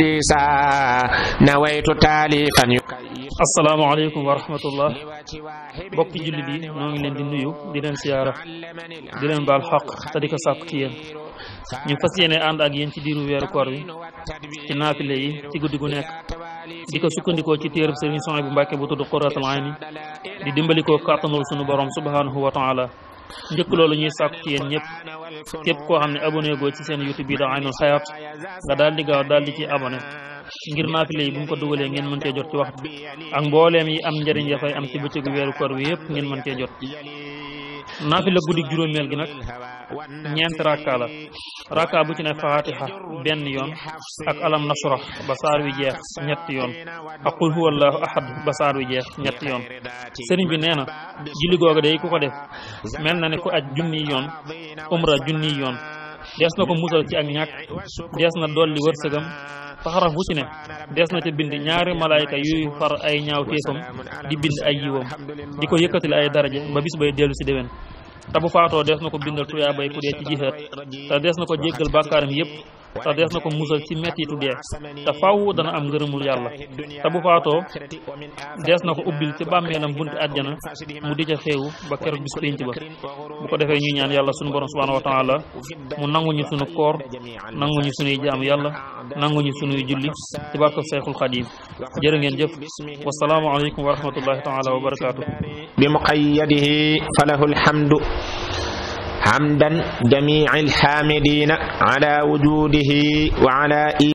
di saa حديثا نويت تاليفا asalaamaaleykum wa rahmatullah bokk jullit yi ñoo ngi leen di nuyu di leen siyaara di leen baal xaq te di ko sàkk ci yéen ñu fas yéene ànd ak yéen ci diiru weeru koor bi ci naafile yi ci guddi gu nekk di ko sukkandikoo ci téereb Sëriñ Suhaybu bu Mbàkke bu tudd Qurratul Ayni di dimbalikoo kàttanul sunu borom subhanahu wa taala njëkk loolu ñuy sàkk ci yéen ñëpp képp koo xam ne abonné ci seen youtube bi da aynul xayaat nga daal di gaaw daal di ci abonné ngir naafile yi bu ñu ko dugalee ngeen mën cee jot ci waxtu ak mbooleem yi am njëriñ ya am ci bëccëgu weeru koor wi ngeen mën cee jot naafile guddi juróomeel gi nag ñeenti rakka la rakka bu ci ne faatiha benn yoon ak alam nashrah ba saar wi jeex ñetti yoon ak qul huwallahu ahad ba saar wi jeex ñetti yoon sëriñ bi nee na julli googu day ku ko def mel na ne ku aj junniy yoon umra junniy yoon dees na ko musal ci ak ñàkk dees na dolli wërsëgam faxaraf bu ci ne dees na ca bind ñaari malaayka yuy far ay ñaaw téefam di bind ay yiwam di ko yëkkatil ay daraja ba bis bay dellu si déwén te faatoo des na ko bindal tuyaabay ku dee ci te des na ko jéggal bàkkaaram yépp ta def na ko musal ci mettitu dee te faaw dana am ngërëmul yàlla te bu faatoo dees na ko ubbil ci bàmmeelam bunti àjjana mu di ca xéewu ba keroog bis pénc ba bu ko defee ñuy ñaan yàlla suñu borom subhanahu wa taala mu ñu suñu koor ñu sunuy jaam yàlla ñu sunuy ya julli ci barko Seexul Xadim jërë ngeen jëf wasalaamu aleykum wa rahmatullahi taala wa barakatuh bi muqayyadihi falahu alhamdu حمدا جميع الحامدين على وجوده وعلى